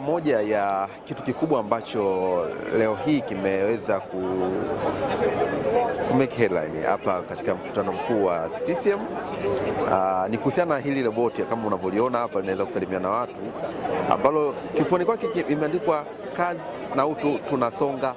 Moja ya kitu kikubwa ambacho leo hii kimeweza ku make headline hapa katika mkutano mkuu wa CCM uh, ah, ni kuhusiana na hili roboti kama unavyoliona hapa linaweza kusalimia na watu ambalo kifuani kwake imeandikwa kazi na utu tunasonga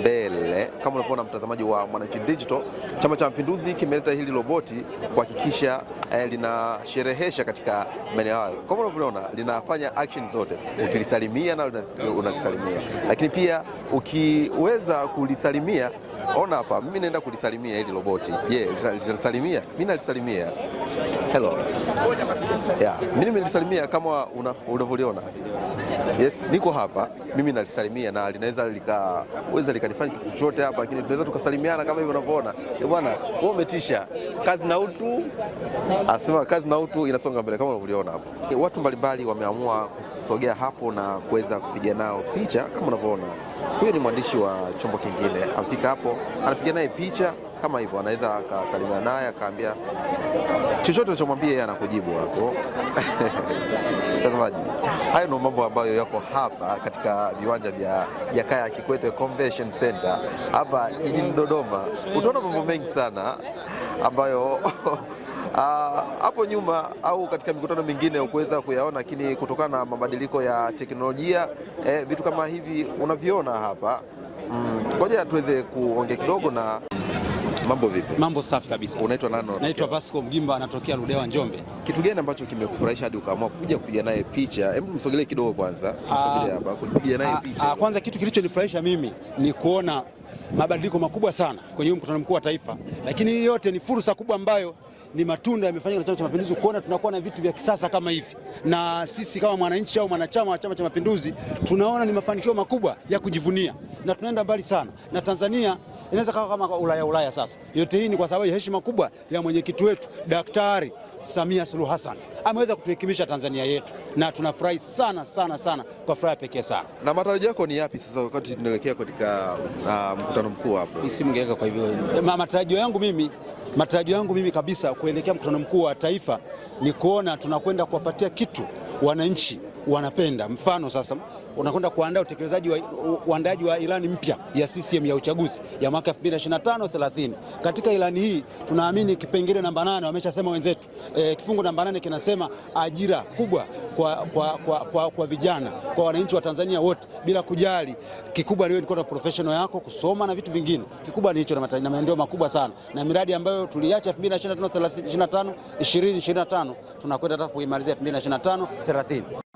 mbele. Kama unavyoona mtazamaji wa Mwananchi Digital, Chama cha Mapinduzi kimeleta hili roboti kuhakikisha eh, linasherehesha katika maeneo hayo. Kama unavyoona linafanya action zote, ukilisalimia na unalisalimia, lakini pia ukiweza kulisalimia ona hapa, mimi naenda kulisalimia hili roboti. Je, yeah, litalisalimia? Mimi nalisalimia hello, yeah, mimi nimelisalimia kama unavyoliona. Yes, niko hapa mimi nalisalimia na linaweza likaweza likanifanya kitu chochote hapa, lakini tunaweza tukasalimiana kama hivyo unavyoona. Bwana wewe umetisha, kazi na utu, anasema kazi na utu inasonga mbele kama unavyoona hapo. Watu mbalimbali wameamua kusogea hapo na kuweza kupiga nao picha kama unavyoona. Huyu ni mwandishi wa chombo kingine, amfika hapo anapiga naye picha kama hivyo, anaweza akasalimiana naye akaambia chochote unachomwambia yeye anakujibu hapo. Mtazamaji, hayo ndio mambo ambayo yako hapa katika viwanja vya Jakaya Kikwete Convention Center hapa jijini Dodoma. Utaona mambo mengi sana ambayo ah, hapo uh, nyuma au katika mikutano mingine ukuweza kuyaona, lakini kutokana na mabadiliko ya teknolojia eh, vitu kama hivi unaviona hapa. Ngoja tuweze kuongea kidogo na Mambo vipi? Mambo safi kabisa. Unaitwa nani? Naitwa Vasco Mgimba anatokea Ludewa Njombe. Kitu gani ambacho kimekufurahisha hadi ukaamua kuja kupiga naye picha? Hebu msogelee kidogo kwanza. Msogelee hapa ah, kupiga naye ah, picha. Ah, kwanza kitu kilichonifurahisha mimi ni kuona mabadiliko makubwa sana kwenye mkutano mkuu wa taifa, lakini hii yote ni fursa kubwa ambayo ni matunda yamefanywa na Chama cha Mapinduzi, kuona tunakuwa na vitu vya kisasa kama hivi, na sisi kama mwananchi au mwanachama wa Chama cha Mapinduzi tunaona ni mafanikio makubwa ya kujivunia na tunaenda mbali sana, na Tanzania inaweza kawa kama Ulaya Ulaya. Sasa yote hii ni kwa sababu ya heshima kubwa ya mwenyekiti wetu Daktari Samia Suluhu Hassan, ameweza kutuhekimisha Tanzania yetu, na tunafurahi sana sana sana kwa furaha pekee sana. Na matarajio yako ni yapi sasa wakati tunaelekea katika uh, mkutano mkuu hapo? kwa hivyo eh, Ma, matarajio yangu mimi matarajio yangu mimi kabisa kuelekea mkutano mkuu wa taifa ni kuona tunakwenda kuwapatia kitu wananchi wanapenda. Mfano sasa unakwenda kuandaa utekelezaji wa uandaaji wa ilani mpya ya CCM ya uchaguzi ya mwaka 2025 30. Katika ilani hii tunaamini kipengele namba nane wameshasema wenzetu e, kifungu namba nane kinasema ajira kubwa kwa, kwa, kwa, kwa, kwa vijana kwa wananchi wa Tanzania wote bila kujali kikubwa leo na professional yako kusoma na vitu vingine, kikubwa ni hicho na maendeleo makubwa sana, na miradi ambayo tuliacha 2025 2025 tunakwenda hata kuimalizia 2025 30.